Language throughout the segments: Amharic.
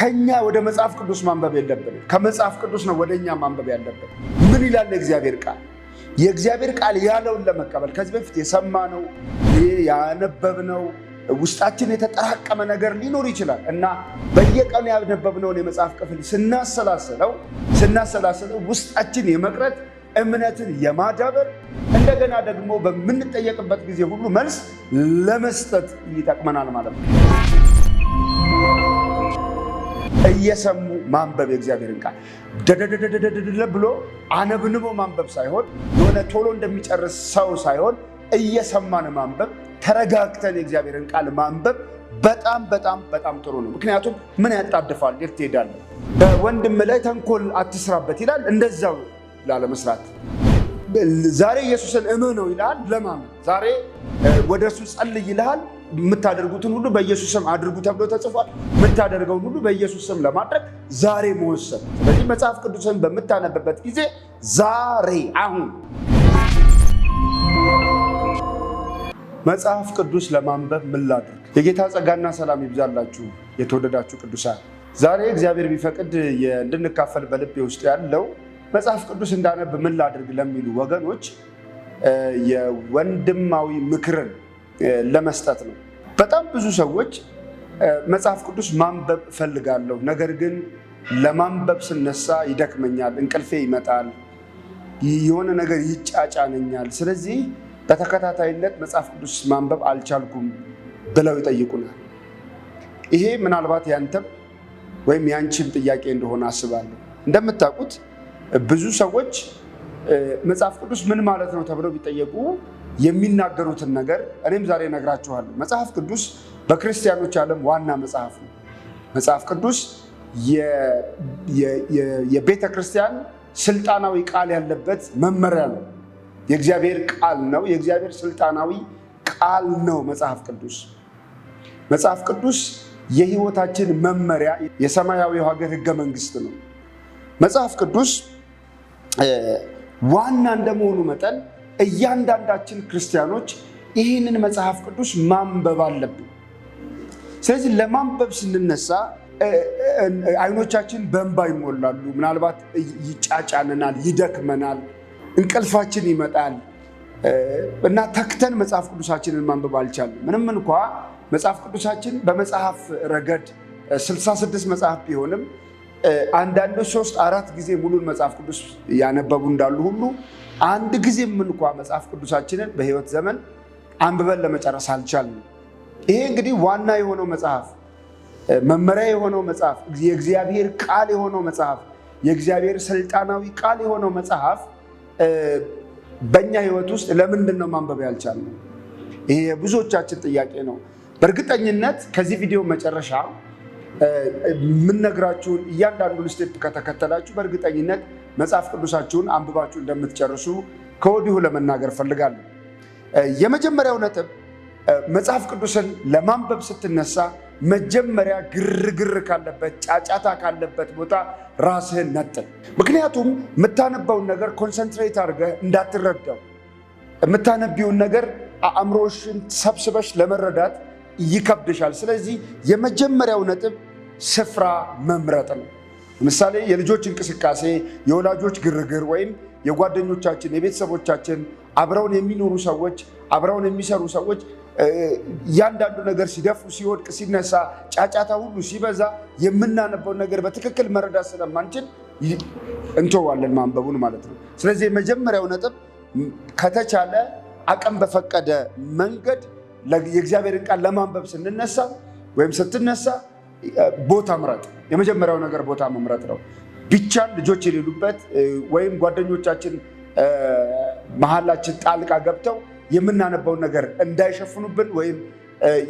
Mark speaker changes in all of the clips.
Speaker 1: ከኛ ወደ መጽሐፍ ቅዱስ ማንበብ የለብንም። ከመጽሐፍ ቅዱስ ነው ወደ እኛ ማንበብ ያለብን። ምን ይላል የእግዚአብሔር ቃል? የእግዚአብሔር ቃል ያለውን ለመቀበል ከዚህ በፊት የሰማነው ያነበብነው ውስጣችን የተጠራቀመ ነገር ሊኖር ይችላል እና በየቀኑ ያነበብነውን የመጽሐፍ ክፍል ስናሰላስለው ስናሰላስለው ውስጣችን የመቅረት እምነትን የማዳበር እንደገና ደግሞ በምንጠየቅበት ጊዜ ሁሉ መልስ ለመስጠት ይጠቅመናል ማለት ነው። እየሰሙ ማንበብ የእግዚአብሔርን ቃል ደደደደደደደ ብሎ አነብንቦ ማንበብ ሳይሆን የሆነ ቶሎ እንደሚጨርስ ሰው ሳይሆን እየሰማን ማንበብ ተረጋግተን የእግዚአብሔርን ቃል ማንበብ በጣም በጣም በጣም ጥሩ ነው። ምክንያቱም ምን ያጣድፋል? የት ትሄዳለህ? በወንድም ላይ ተንኮል አትስራበት ይላል። እንደዛው ላለመስራት ዛሬ ኢየሱስን እመነው ይልሃል። ለማመን ዛሬ ወደ እርሱ ጸልይ ይልሃል። የምታደርጉትን ሁሉ በኢየሱስ ስም አድርጉ ተብሎ ተጽፏል። የምታደርገውን ሁሉ በኢየሱስ ስም ለማድረግ ዛሬ መወሰን። ስለዚህ መጽሐፍ ቅዱስን በምታነብበት ጊዜ ዛሬ አሁን መጽሐፍ ቅዱስ ለማንበብ ምን ላድርግ? የጌታ ጸጋና ሰላም ይብዛላችሁ የተወደዳችሁ ቅዱሳን። ዛሬ እግዚአብሔር ቢፈቅድ እንድንካፈል በልቤ ውስጥ ያለው መጽሐፍ ቅዱስ እንዳነብ ምን ላድርግ ለሚሉ ወገኖች የወንድማዊ ምክርን ለመስጠት ነው። በጣም ብዙ ሰዎች መጽሐፍ ቅዱስ ማንበብ እፈልጋለሁ፣ ነገር ግን ለማንበብ ስነሳ ይደክመኛል፣ እንቅልፌ ይመጣል፣ የሆነ ነገር ይጫጫነኛል፣ ስለዚህ በተከታታይነት መጽሐፍ ቅዱስ ማንበብ አልቻልኩም ብለው ይጠይቁናል። ይሄ ምናልባት ያንተም ወይም ያንቺም ጥያቄ እንደሆነ አስባለሁ። እንደምታውቁት ብዙ ሰዎች መጽሐፍ ቅዱስ ምን ማለት ነው ተብለው ቢጠየቁ የሚናገሩትን ነገር እኔም ዛሬ እነግራችኋለሁ። መጽሐፍ ቅዱስ በክርስቲያኖች ዓለም ዋና መጽሐፍ ነው። መጽሐፍ ቅዱስ የቤተ ክርስቲያን ስልጣናዊ ቃል ያለበት መመሪያ ነው። የእግዚአብሔር ቃል ነው። የእግዚአብሔር ስልጣናዊ ቃል ነው መጽሐፍ ቅዱስ። መጽሐፍ ቅዱስ የህይወታችን መመሪያ፣ የሰማያዊው ሀገር ህገ መንግስት ነው። መጽሐፍ ቅዱስ ዋና እንደመሆኑ መጠን እያንዳንዳችን ክርስቲያኖች ይህንን መጽሐፍ ቅዱስ ማንበብ አለብን። ስለዚህ ለማንበብ ስንነሳ አይኖቻችን በእንባ ይሞላሉ። ምናልባት ይጫጫነናል፣ ይደክመናል፣ እንቅልፋችን ይመጣል እና ተክተን መጽሐፍ ቅዱሳችንን ማንበብ አልቻልንም። ምንም እንኳ መጽሐፍ ቅዱሳችን በመጽሐፍ ረገድ 66 መጽሐፍ ቢሆንም አንዳንድ ሶስት አራት ጊዜ ሙሉን መጽሐፍ ቅዱስ ያነበቡ እንዳሉ ሁሉ አንድ ጊዜም እንኳ መጽሐፍ ቅዱሳችንን በህይወት ዘመን አንብበን ለመጨረስ አልቻልንም። ይሄ እንግዲህ ዋና የሆነው መጽሐፍ፣ መመሪያ የሆነው መጽሐፍ፣ የእግዚአብሔር ቃል የሆነው መጽሐፍ፣ የእግዚአብሔር ስልጣናዊ ቃል የሆነው መጽሐፍ በእኛ ህይወት ውስጥ ለምንድን ነው ማንበብ ያልቻልነው? ይሄ የብዙዎቻችን ጥያቄ ነው። በእርግጠኝነት ከዚህ ቪዲዮ መጨረሻ የምነግራችሁን እያንዳንዱን ስቴፕ ከተከተላችሁ በእርግጠኝነት መጽሐፍ ቅዱሳችሁን አንብባችሁ እንደምትጨርሱ ከወዲሁ ለመናገር ፈልጋለሁ። የመጀመሪያው ነጥብ መጽሐፍ ቅዱስን ለማንበብ ስትነሳ መጀመሪያ ግርግር ካለበት ጫጫታ ካለበት ቦታ ራስህን ነጥል። ምክንያቱም የምታነባውን ነገር ኮንሰንትሬት አድርገህ እንዳትረዳው የምታነቢውን ነገር አእምሮሽን ሰብስበሽ ለመረዳት ይከብድሻል። ስለዚህ የመጀመሪያው ነጥብ ስፍራ መምረጥ ነው። ለምሳሌ የልጆች እንቅስቃሴ፣ የወላጆች ግርግር ወይም የጓደኞቻችን የቤተሰቦቻችን አብረውን የሚኖሩ ሰዎች አብረውን የሚሰሩ ሰዎች እያንዳንዱ ነገር ሲደፉ፣ ሲወድቅ፣ ሲነሳ፣ ጫጫታ ሁሉ ሲበዛ የምናነበውን ነገር በትክክል መረዳት ስለማንችል እንተዋለን ማንበቡን ማለት ነው። ስለዚህ የመጀመሪያው ነጥብ ከተቻለ አቅም በፈቀደ መንገድ የእግዚአብሔርን ቃል ለማንበብ ስንነሳ ወይም ስትነሳ ቦታ ምረጥ። የመጀመሪያው ነገር ቦታ መምረጥ ነው። ቢቻል ልጆች የሌሉበት ወይም ጓደኞቻችን መሀላችን ጣልቃ ገብተው የምናነባውን ነገር እንዳይሸፍኑብን ወይም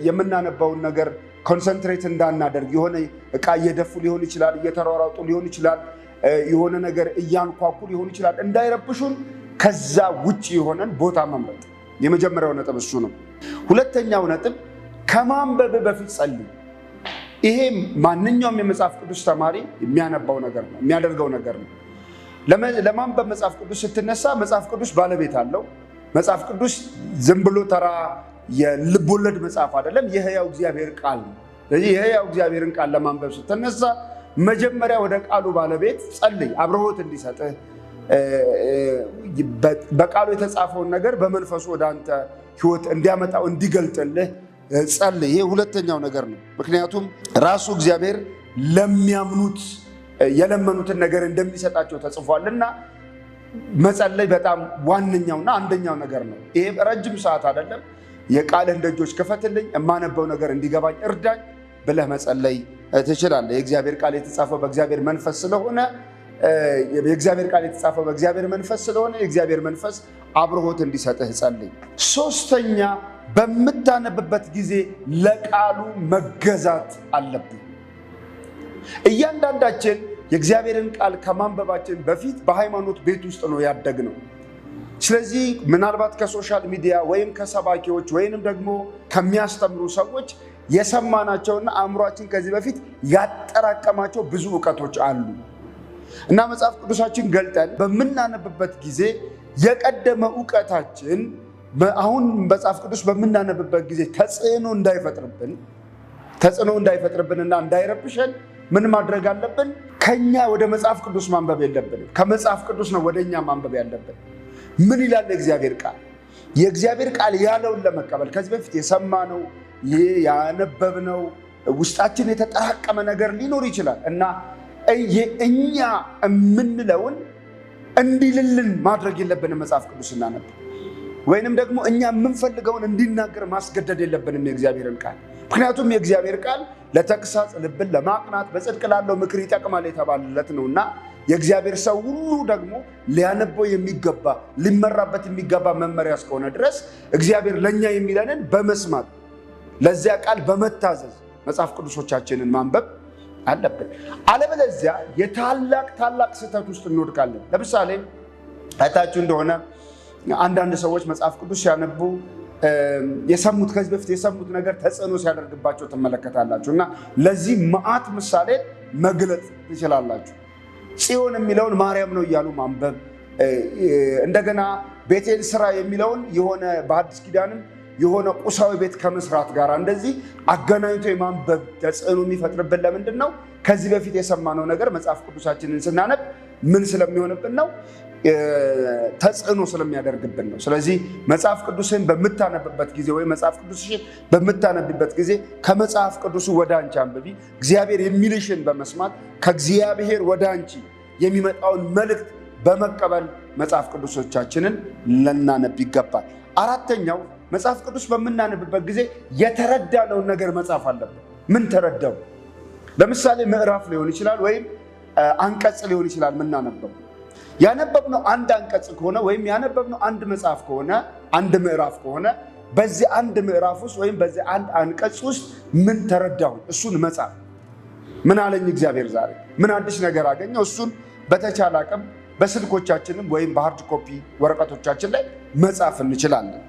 Speaker 1: የምናነባውን ነገር ኮንሰንትሬት እንዳናደርግ የሆነ እቃ እየደፉ ሊሆን ይችላል፣ እየተሯሯጡ ሊሆን ይችላል፣ የሆነ ነገር እያንኳኩ ሊሆን ይችላል፣ እንዳይረብሹን ከዛ ውጭ የሆነን ቦታ መምረጥ የመጀመሪያው ነጥብ እሱ ነው። ሁለተኛው ነጥብ ከማንበብ በፊት ጸልዩ። ይሄ ማንኛውም የመጽሐፍ ቅዱስ ተማሪ የሚያነባው ነገር ነው፣ የሚያደርገው ነገር ነው። ለማንበብ መጽሐፍ ቅዱስ ስትነሳ መጽሐፍ ቅዱስ ባለቤት አለው። መጽሐፍ ቅዱስ ዝም ብሎ ተራ ወለድ መጽሐፍ አይደለም፣ የህያው እግዚአብሔር ቃል ነው። ስለዚህ የህያው እግዚአብሔርን ቃል ለማንበብ ስትነሳ መጀመሪያ ወደ ቃሉ ባለቤት ጸልይ፣ አብረሆት እንዲሰጥህ በቃሉ የተጻፈውን ነገር በመንፈሱ ወደ አንተ ህይወት እንዲያመጣው እንዲገልጥልህ ጸልይ። ይሄ ሁለተኛው ነገር ነው። ምክንያቱም ራሱ እግዚአብሔር ለሚያምኑት የለመኑትን ነገር እንደሚሰጣቸው ተጽፏልና መጸለይ በጣም ዋነኛውና አንደኛው ነገር ነው። ይሄ ረጅም ሰዓት አይደለም። የቃልህን ደጆች ክፈትልኝ፣ የማነበው ነገር እንዲገባኝ እርዳኝ ብለህ መጸለይ ትችላለህ። የእግዚአብሔር ቃል የተጻፈው በእግዚአብሔር መንፈስ ስለሆነ የእግዚአብሔር ቃል የተጻፈው በእግዚአብሔር መንፈስ ስለሆነ የእግዚአብሔር መንፈስ አብርሆት እንዲሰጥህ ጸልይ። ሶስተኛ በምታነብበት ጊዜ ለቃሉ መገዛት አለብን። እያንዳንዳችን የእግዚአብሔርን ቃል ከማንበባችን በፊት በሃይማኖት ቤት ውስጥ ነው ያደግነው። ስለዚህ ምናልባት ከሶሻል ሚዲያ ወይም ከሰባኪዎች ወይንም ደግሞ ከሚያስተምሩ ሰዎች የሰማናቸውና አእምሯችን ከዚህ በፊት ያጠራቀማቸው ብዙ እውቀቶች አሉ እና መጽሐፍ ቅዱሳችን ገልጠን በምናነብበት ጊዜ የቀደመ እውቀታችን አሁን መጽሐፍ ቅዱስ በምናነብበት ጊዜ ተጽዕኖ እንዳይፈጥርብን ተጽዕኖ እና እንዳይረብሸን ምን ማድረግ አለብን? ከኛ ወደ መጽሐፍ ቅዱስ ማንበብ የለብንም። ከመጽሐፍ ቅዱስ ነው ወደ እኛ ማንበብ ያለብን። ምን ይላል የእግዚአብሔር ቃል? የእግዚአብሔር ቃል ያለውን ለመቀበል ከዚህ በፊት የሰማነው ይህ ያነበብነው ውስጣችን የተጠራቀመ ነገር ሊኖር ይችላል እና እኛ የምንለውን እንዲልልን ማድረግ የለብንም። መጽሐፍ ቅዱስ እናነብ ወይንም ደግሞ እኛ የምንፈልገውን እንዲናገር ማስገደድ የለብንም የእግዚአብሔርን ቃል። ምክንያቱም የእግዚአብሔር ቃል ለተግሳጽ፣ ልብን ለማቅናት፣ በጽድቅ ላለው ምክር ይጠቅማል የተባለለት ነውና የእግዚአብሔር ሰው ሁሉ ደግሞ ሊያነበው የሚገባ ሊመራበት የሚገባ መመሪያ እስከሆነ ድረስ እግዚአብሔር ለእኛ የሚለንን በመስማት ለዚያ ቃል በመታዘዝ መጽሐፍ ቅዱሶቻችንን ማንበብ አለብን። አለበለዚያ የታላቅ ታላቅ ስህተት ውስጥ እንወድቃለን። ለምሳሌ አይታችሁ እንደሆነ አንዳንድ ሰዎች መጽሐፍ ቅዱስ ሲያነቡ የሰሙት ከዚህ በፊት የሰሙት ነገር ተጽዕኖ ሲያደርግባቸው ትመለከታላችሁ እና ለዚህ መዓት ምሳሌ መግለጥ ትችላላችሁ። ጽዮን የሚለውን ማርያም ነው እያሉ ማንበብ እንደገና ቤቴን ስራ የሚለውን የሆነ በአዲስ ኪዳንም የሆነ ቁሳዊ ቤት ከመስራት ጋር እንደዚህ አገናኝቶ የማንበብ ተጽዕኖ የሚፈጥርብን ለምንድን ነው? ከዚህ በፊት የሰማነው ነገር መጽሐፍ ቅዱሳችንን ስናነብ ምን ስለሚሆንብን ነው? ተጽዕኖ ስለሚያደርግብን ነው። ስለዚህ መጽሐፍ ቅዱስን በምታነብበት ጊዜ ወይም መጽሐፍ ቅዱስ በምታነብበት ጊዜ ከመጽሐፍ ቅዱሱ ወደ አንቺ አንብቢ። እግዚአብሔር የሚልሽን በመስማት ከእግዚአብሔር ወደ አንቺ የሚመጣውን መልእክት በመቀበል መጽሐፍ ቅዱሶቻችንን ልናነብ ይገባል። አራተኛው መጽሐፍ ቅዱስ በምናነብበት ጊዜ የተረዳነውን ነገር መጻፍ አለብን። ምን ተረዳው? ለምሳሌ ምዕራፍ ሊሆን ይችላል ወይም አንቀጽ ሊሆን ይችላል ምናነበው። ያነበብነው አንድ አንቀጽ ከሆነ ወይም ያነበብነው አንድ መጽሐፍ ከሆነ አንድ ምዕራፍ ከሆነ በዚህ አንድ ምዕራፍ ውስጥ ወይም በዚህ አንድ አንቀጽ ውስጥ ምን ተረዳሁኝ፣ እሱን መጽሐፍ ምን አለኝ እግዚአብሔር ዛሬ፣ ምን አዲስ ነገር አገኘው፣ እሱን በተቻለ አቅም በስልኮቻችንም ወይም በሃርድ ኮፒ ወረቀቶቻችን ላይ መጽሐፍ እንችላለን።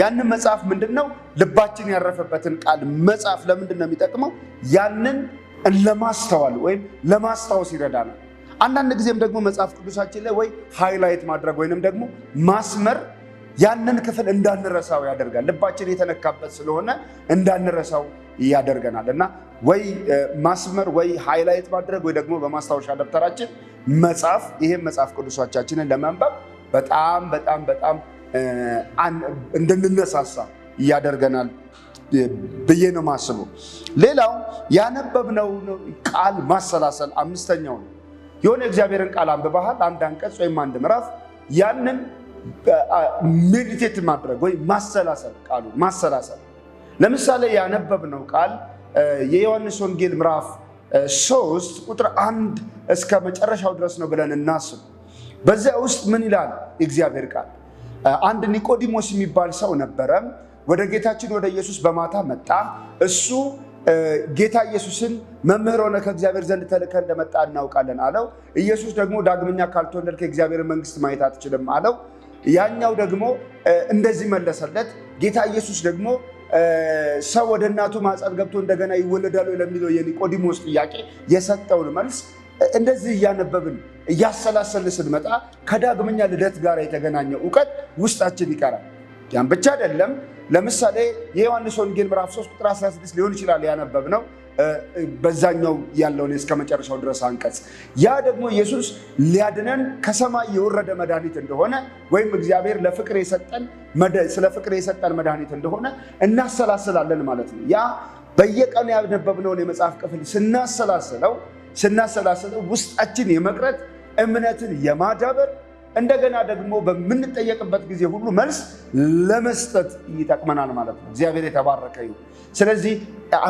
Speaker 1: ያንን መጽሐፍ ምንድን ነው ልባችን ያረፈበትን ቃል መጽሐፍ ለምንድን ነው የሚጠቅመው? ያንን ለማስተዋል ወይም ለማስታወስ ይረዳናል። አንዳንድ ጊዜም ደግሞ መጽሐፍ ቅዱሳችን ላይ ወይ ሃይላይት ማድረግ ወይንም ደግሞ ማስመር ያንን ክፍል እንዳንረሳው ያደርጋል። ልባችን የተነካበት ስለሆነ እንዳንረሳው ያደርገናል እና ወይ ማስመር ወይ ሃይላይት ማድረግ ወይ ደግሞ በማስታወሻ ደብተራችን መጽሐፍ ይህም መጽሐፍ ቅዱሶቻችንን ለመንባብ በጣም በጣም በጣም እንድንነሳሳ ያደርገናል። ብዬ ነው ማስበው። ሌላው ያነበብነው ቃል ማሰላሰል አምስተኛው ነው። የሆነ እግዚአብሔርን ቃል አንብበሃል፣ አንድ አንቀጽ ወይም አንድ ምዕራፍ ያንን ሜዲቴት ማድረግ ወይም ማሰላሰል ቃሉ ማሰላሰል። ለምሳሌ ያነበብነው ቃል የዮሐንስ ወንጌል ምዕራፍ ሶስት ቁጥር አንድ እስከ መጨረሻው ድረስ ነው ብለን እናስብ። በዚያ ውስጥ ምን ይላል እግዚአብሔር ቃል? አንድ ኒቆዲሞስ የሚባል ሰው ነበረ ወደ ጌታችን ወደ ኢየሱስ በማታ መጣ። እሱ ጌታ ኢየሱስን መምህር ሆነ ከእግዚአብሔር ዘንድ ተልከ እንደመጣ እናውቃለን አለው። ኢየሱስ ደግሞ ዳግመኛ ካልተወለድክ የእግዚአብሔር መንግስት ማየት አትችልም አለው። ያኛው ደግሞ እንደዚህ መለሰለት። ጌታ ኢየሱስ ደግሞ ሰው ወደ እናቱ ማኅፀን ገብቶ እንደገና ይወለዳሉ ለሚለው የኒቆዲሞስ ጥያቄ የሰጠውን መልስ እንደዚህ እያነበብን እያሰላሰል ስንመጣ ከዳግመኛ ልደት ጋር የተገናኘ እውቀት ውስጣችን ይቀራል። ያን ብቻ አይደለም። ለምሳሌ የዮሐንስ ወንጌል ምዕራፍ 3 ቁጥር 16 ሊሆን ይችላል ያነበብ ነው በዛኛው ያለውን እስከ መጨረሻው ድረስ አንቀጽ ያ ደግሞ ኢየሱስ ሊያድነን ከሰማይ የወረደ መድኃኒት እንደሆነ ወይም እግዚአብሔር ለፍቅር የሰጠን ስለ ፍቅር የሰጠን መድኃኒት እንደሆነ እናሰላስላለን ማለት ነው። ያ በየቀኑ ያነበብነውን የመጽሐፍ ክፍል ስናሰላስለው ስናሰላስለው ውስጣችን የመቅረት እምነትን የማዳበር እንደገና ደግሞ በምንጠየቅበት ጊዜ ሁሉ መልስ ለመስጠት ይጠቅመናል ማለት ነው። እግዚአብሔር የተባረከ ይሁን። ስለዚህ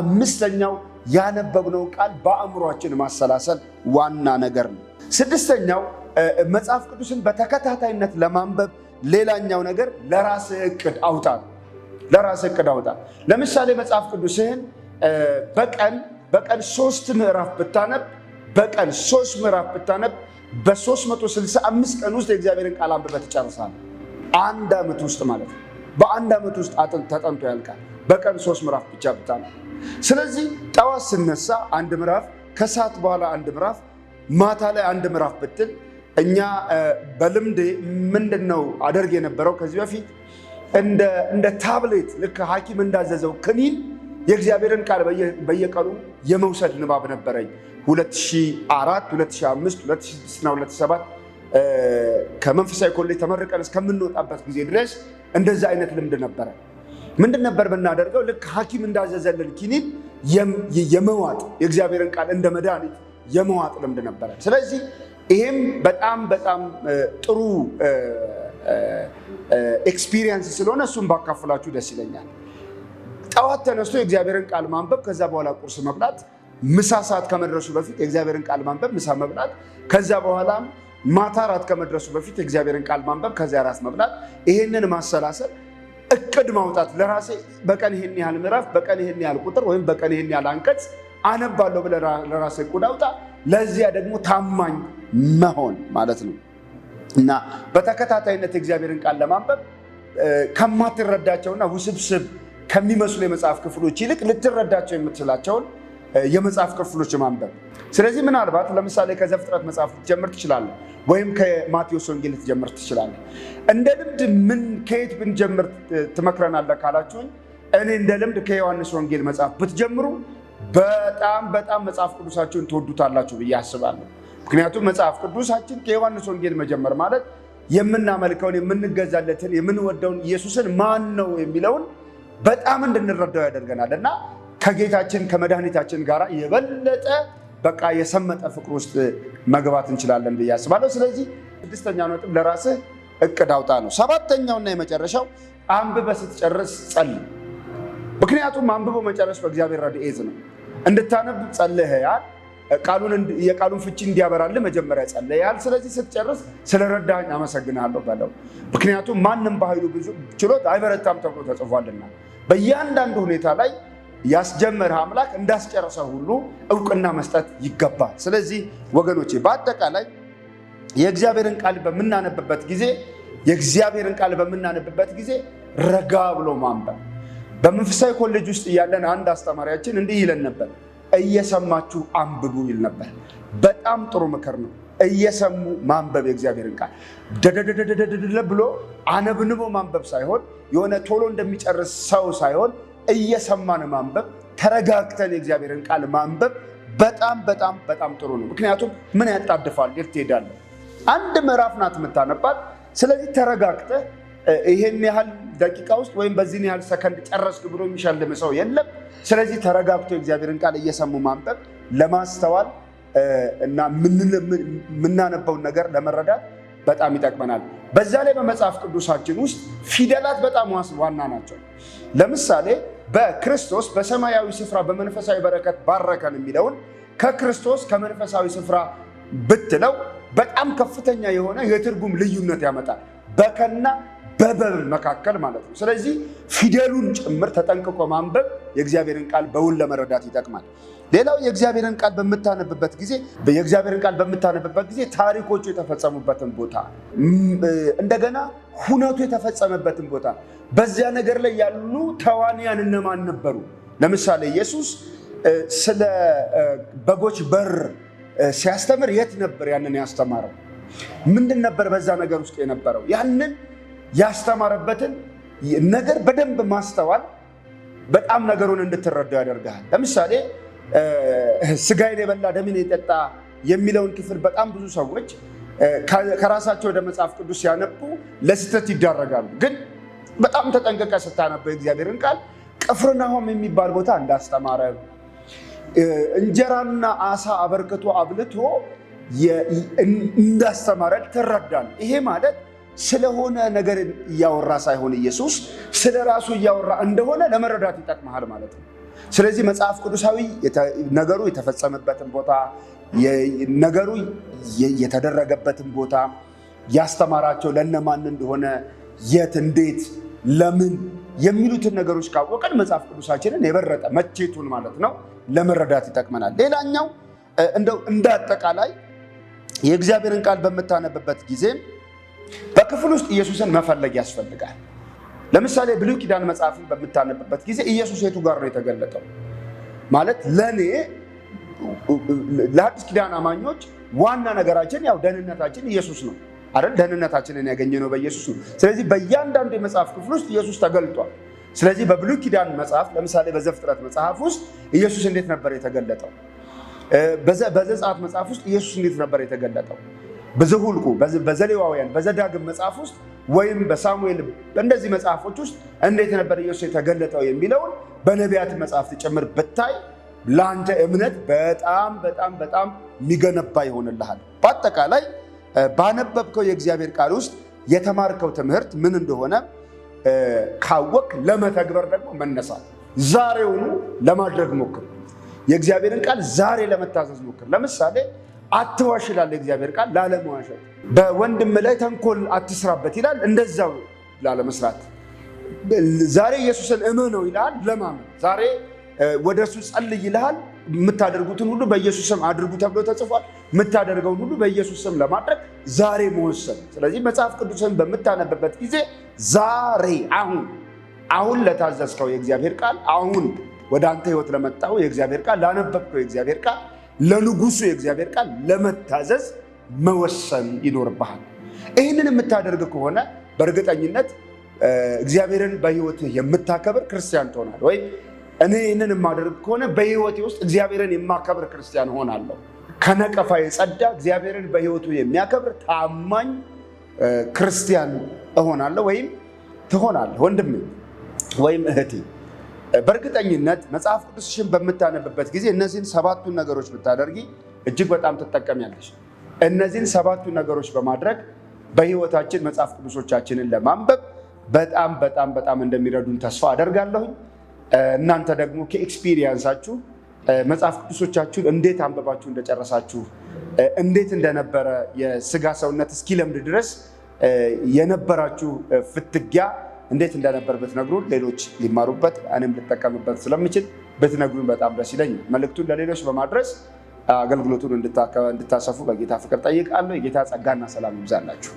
Speaker 1: አምስተኛው ያነበብነው ቃል በአእምሯችን ማሰላሰል ዋና ነገር ነው። ስድስተኛው መጽሐፍ ቅዱስን በተከታታይነት ለማንበብ ሌላኛው ነገር ለራስ እቅድ አውጣ፣ ለራስ እቅድ አውጣ። ለምሳሌ መጽሐፍ ቅዱስህን በቀን በቀን ሶስት ምዕራፍ ብታነብ በቀን ሶስት ምዕራፍ ብታነብ በ365 ቀን ውስጥ የእግዚአብሔርን ቃል አንብበህ ትጨርሳለህ። አንድ ዓመት ውስጥ ማለት ነው። በአንድ ዓመት ውስጥ ተጠንቶ ያልቃል። በቀን ሶስት ምዕራፍ ብቻ ብታነ። ስለዚህ ጠዋት ስነሳ አንድ ምዕራፍ፣ ከሰዓት በኋላ አንድ ምዕራፍ፣ ማታ ላይ አንድ ምዕራፍ ብትል እኛ በልምድ ምንድን ነው አደርግ የነበረው ከዚህ በፊት እንደ ታብሌት ልክ ሐኪም እንዳዘዘው ክኒን የእግዚአብሔርን ቃል በየቀኑ የመውሰድ ንባብ ነበረኝ። 2004 2005 2006 እና 2007 ከመንፈሳዊ ኮሌጅ ተመርቀን እስከምንወጣበት ጊዜ ድረስ እንደዛ አይነት ልምድ ነበረ። ምንድን ነበር ብናደርገው ልክ ሐኪም እንዳዘዘልን ኪኒን የመዋጥ የእግዚአብሔርን ቃል እንደ መድኃኒት የመዋጥ ልምድ ነበረ። ስለዚህ ይሄም በጣም በጣም ጥሩ ኤክስፒሪየንስ ስለሆነ እሱም ባካፍላችሁ ደስ ይለኛል። ጠዋት ተነስቶ የእግዚአብሔርን ቃል ማንበብ፣ ከዛ በኋላ ቁርስ መብላት ምሳ ሰዓት ከመድረሱ በፊት የእግዚአብሔርን ቃል ማንበብ፣ ምሳ መብላት፣ ከዚያ በኋላም ማታ እራት ከመድረሱ በፊት የእግዚአብሔርን ቃል ማንበብ፣ ከዚያ እራት መብላት፣ ይሄንን ማሰላሰል እቅድ ማውጣት ለራሴ በቀን ይሄን ያህል ምዕራፍ፣ በቀን ይሄን ያህል ቁጥር ወይም በቀን ይሄን ያህል አንቀጽ አነባለሁ ብለ ለራሴ እቅድ አውጣ። ለዚያ ደግሞ ታማኝ መሆን ማለት ነው እና በተከታታይነት የእግዚአብሔርን ቃል ለማንበብ ከማትረዳቸውና ውስብስብ ከሚመስሉ የመጽሐፍ ክፍሎች ይልቅ ልትረዳቸው የምትችላቸውን የመጽሐፍ ክፍሎች ማንበብ። ስለዚህ ምናልባት ለምሳሌ ከዘፍጥረት መጽሐፍ ልትጀምር ትችላለህ፣ ወይም ከማቴዎስ ወንጌል ልትጀምር ትችላለህ። እንደ ልምድ ምን ከየት ብንጀምር ትመክረናለህ ካላችሁኝ እኔ እንደ ልምድ ከዮሐንስ ወንጌል መጽሐፍ ብትጀምሩ በጣም በጣም መጽሐፍ ቅዱሳችሁን ትወዱታላችሁ ብዬ አስባለሁ። ምክንያቱም መጽሐፍ ቅዱሳችን ከዮሐንስ ወንጌል መጀመር ማለት የምናመልከውን የምንገዛለትን የምንወደውን ኢየሱስን ማን ነው የሚለውን በጣም እንድንረዳው ያደርገናል እና ከጌታችን ከመድኃኒታችን ጋር የበለጠ በቃ የሰመጠ ፍቅር ውስጥ መግባት እንችላለን ብዬ አስባለሁ። ስለዚህ ስድስተኛው ነጥብ ለራስህ እቅድ አውጣ ነው። ሰባተኛውና የመጨረሻው አንብበ ስትጨርስ ጸልይ። ምክንያቱም አንብቦ መጨረስ በእግዚአብሔር ረድኤት ነው። እንድታነብ ጸልያል። የቃሉን ፍቺ እንዲያበራልህ መጀመሪያ ጸልያል። ስለዚህ ስትጨርስ ስለረዳኝ አመሰግናለሁ በለው። ምክንያቱም ማንም በኃይሉ ብዙ ችሎት አይበረታም ተብሎ ተጽፏልና በእያንዳንዱ ሁኔታ ላይ ያስጀመረ አምላክ እንዳስጨረሰ ሁሉ እውቅና መስጠት ይገባል። ስለዚህ ወገኖቼ በአጠቃላይ የእግዚአብሔርን ቃል በምናነብበት ጊዜ የእግዚአብሔርን ቃል በምናነብበት ጊዜ ረጋ ብሎ ማንበብ። በመንፈሳዊ ኮሌጅ ውስጥ እያለን አንድ አስተማሪያችን እንዲህ ይለን ነበር፣ እየሰማችሁ አንብቡ ይል ነበር። በጣም ጥሩ ምክር ነው። እየሰሙ ማንበብ የእግዚአብሔርን ቃል ደደደደደደደ ብሎ አነብንቦ ማንበብ ሳይሆን የሆነ ቶሎ እንደሚጨርስ ሰው ሳይሆን እየሰማን ማንበብ፣ ተረጋግተን የእግዚአብሔርን ቃል ማንበብ በጣም በጣም በጣም ጥሩ ነው። ምክንያቱም ምን ያጣድፋል? የት ትሄዳለህ? አንድ ምዕራፍ ናት የምታነባት። ስለዚህ ተረጋግተህ ይሄን ያህል ደቂቃ ውስጥ ወይም በዚህን ያህል ሰከንድ ጨረስክ ብሎ የሚሸልም ሰው የለም። ስለዚህ ተረጋግቶ የእግዚአብሔርን ቃል እየሰሙ ማንበብ ለማስተዋል እና የምናነበውን ነገር ለመረዳት በጣም ይጠቅመናል። በዛ ላይ በመጽሐፍ ቅዱሳችን ውስጥ ፊደላት በጣም ዋና ናቸው። ለምሳሌ በክርስቶስ በሰማያዊ ስፍራ በመንፈሳዊ በረከት ባረከን የሚለውን ከክርስቶስ ከመንፈሳዊ ስፍራ ብትለው በጣም ከፍተኛ የሆነ የትርጉም ልዩነት ያመጣል በከና በበብ መካከል ማለት ነው። ስለዚህ ፊደሉን ጭምር ተጠንቅቆ ማንበብ የእግዚአብሔርን ቃል በውል ለመረዳት ይጠቅማል። ሌላው የእግዚአብሔርን ቃል በምታነብበት ጊዜ የእግዚአብሔርን ቃል በምታነብበት ጊዜ ታሪኮቹ የተፈጸሙበትን ቦታ እንደገና ሁነቱ የተፈጸመበትን ቦታ በዚያ ነገር ላይ ያሉ ተዋንያን እነማን ነበሩ? ለምሳሌ ኢየሱስ ስለ በጎች በር ሲያስተምር የት ነበር ያንን ያስተማረው? ምንድን ነበር በዛ ነገር ውስጥ የነበረው? ያንን ያስተማረበትን ነገር በደንብ ማስተዋል በጣም ነገሩን እንድትረዳው ያደርግሃል። ለምሳሌ ስጋዬን የበላ ደሜን የጠጣ የሚለውን ክፍል በጣም ብዙ ሰዎች ከራሳቸው ወደ መጽሐፍ ቅዱስ ሲያነቡ ለስህተት ይዳረጋሉ። ግን በጣም ተጠንቀቀ ስታነበ እግዚአብሔርን ቃል ቅፍርናሆም የሚባል ቦታ እንዳስተማረ እንጀራና አሳ አበርክቶ አብልቶ እንዳስተማረ ትረዳል። ይሄ ማለት ስለሆነ ነገር እያወራ ሳይሆን ኢየሱስ ስለ ራሱ እያወራ እንደሆነ ለመረዳት ይጠቅመሃል ማለት ነው። ስለዚህ መጽሐፍ ቅዱሳዊ ነገሩ የተፈጸመበትን ቦታ ነገሩ የተደረገበትን ቦታ ያስተማራቸው ለነማን እንደሆነ የት፣ እንዴት፣ ለምን የሚሉትን ነገሮች ካወቀን መጽሐፍ ቅዱሳችንን የበረጠ መቼቱን ማለት ነው ለመረዳት ይጠቅመናል። ሌላኛው እንደው እንደ አጠቃላይ የእግዚአብሔርን ቃል በምታነብበት ጊዜ በክፍል ውስጥ ኢየሱስን መፈለግ ያስፈልጋል። ለምሳሌ ብሉይ ኪዳን መጽሐፍን በምታነብበት ጊዜ ኢየሱስ የቱ ጋር ነው የተገለጠው? ማለት ለእኔ ለአዲስ ኪዳን አማኞች ዋና ነገራችን ያው ደህንነታችን ኢየሱስ ነው አይደል? ደህንነታችንን ያገኘነው በኢየሱስ ነው። ስለዚህ በእያንዳንዱ የመጽሐፍ ክፍል ውስጥ ኢየሱስ ተገልጧል። ስለዚህ በብሉይ ኪዳን መጽሐፍ ለምሳሌ በዘፍጥረት መጽሐፍ ውስጥ ኢየሱስ እንዴት ነበር የተገለጠው? በዘጸአት መጽሐፍ ውስጥ ኢየሱስ እንዴት ነበር የተገለጠው? በዘሁልቁ በዘሌዋውያን በዘዳግም መጽሐፍ ውስጥ ወይም በሳሙኤል በእንደዚህ መጽሐፎች ውስጥ እንዴት ነበር ኢየሱስ የተገለጠው የሚለውን በነቢያት መጽሐፍት ጭምር ብታይ ለአንተ እምነት በጣም በጣም በጣም የሚገነባ ይሆንልሃል። በአጠቃላይ ባነበብከው የእግዚአብሔር ቃል ውስጥ የተማርከው ትምህርት ምን እንደሆነ ካወቅ ለመተግበር ደግሞ መነሳት፣ ዛሬውኑ ለማድረግ ሞክር። የእግዚአብሔርን ቃል ዛሬ ለመታዘዝ ሞክር። ለምሳሌ አትዋሽ ይላል እግዚአብሔር ቃል። ላለመዋሸት በወንድም ላይ ተንኮል አትስራበት ይላል። እንደዛው ላለመስራት ዛሬ ኢየሱስን እመነው ይልሃል። ለማመን ዛሬ ወደ እርሱ ጸልይ ይልሃል። የምታደርጉትን ሁሉ በኢየሱስ ስም አድርጉ ተብሎ ተጽፏል። የምታደርገውን ሁሉ በኢየሱስ ስም ለማድረግ ዛሬ መወሰን። ስለዚህ መጽሐፍ ቅዱስን በምታነብበት ጊዜ ዛሬ አሁን አሁን ለታዘዝከው የእግዚአብሔር ቃል አሁን ወደ አንተ ህይወት ለመጣው የእግዚአብሔር ቃል ላነበብከው የእግዚአብሔር ቃል ለንጉሱ የእግዚአብሔር ቃል ለመታዘዝ መወሰን ይኖርብሃል። ይህንን የምታደርግ ከሆነ በእርግጠኝነት እግዚአብሔርን በህይወትህ የምታከብር ክርስቲያን ትሆናል። ወይም እኔ ይህንን የማደርግ ከሆነ በህይወቴ ውስጥ እግዚአብሔርን የማከብር ክርስቲያን ሆናለሁ። ከነቀፋ የጸዳ እግዚአብሔርን በህይወቱ የሚያከብር ታማኝ ክርስቲያን እሆናለሁ ወይም ትሆናለህ ወንድሜ ወይም እህቴ። በእርግጠኝነት መጽሐፍ ቅዱስሽን በምታነብበት ጊዜ እነዚህን ሰባቱን ነገሮች ብታደርጊ እጅግ በጣም ትጠቀሚያለሽ። እነዚህን ሰባቱን ነገሮች በማድረግ በህይወታችን መጽሐፍ ቅዱሶቻችንን ለማንበብ በጣም በጣም በጣም እንደሚረዱን ተስፋ አደርጋለሁኝ። እናንተ ደግሞ ከኤክስፒሪየንሳችሁ መጽሐፍ ቅዱሶቻችሁን እንዴት አንብባችሁ እንደጨረሳችሁ እንዴት እንደነበረ የስጋ ሰውነት እስኪለምድ ድረስ የነበራችሁ ፍትጊያ እንዴት እንደነበር ብትነግሩን ሌሎች ሊማሩበት እኔም ልጠቀምበት ስለምችል ብትነግሩን በጣም ደስ ይለኛል። መልእክቱን ለሌሎች በማድረስ አገልግሎቱን እንድታሰፉ በጌታ ፍቅር ጠይቃለሁ። የጌታ ጸጋና ሰላም ይብዛላችሁ።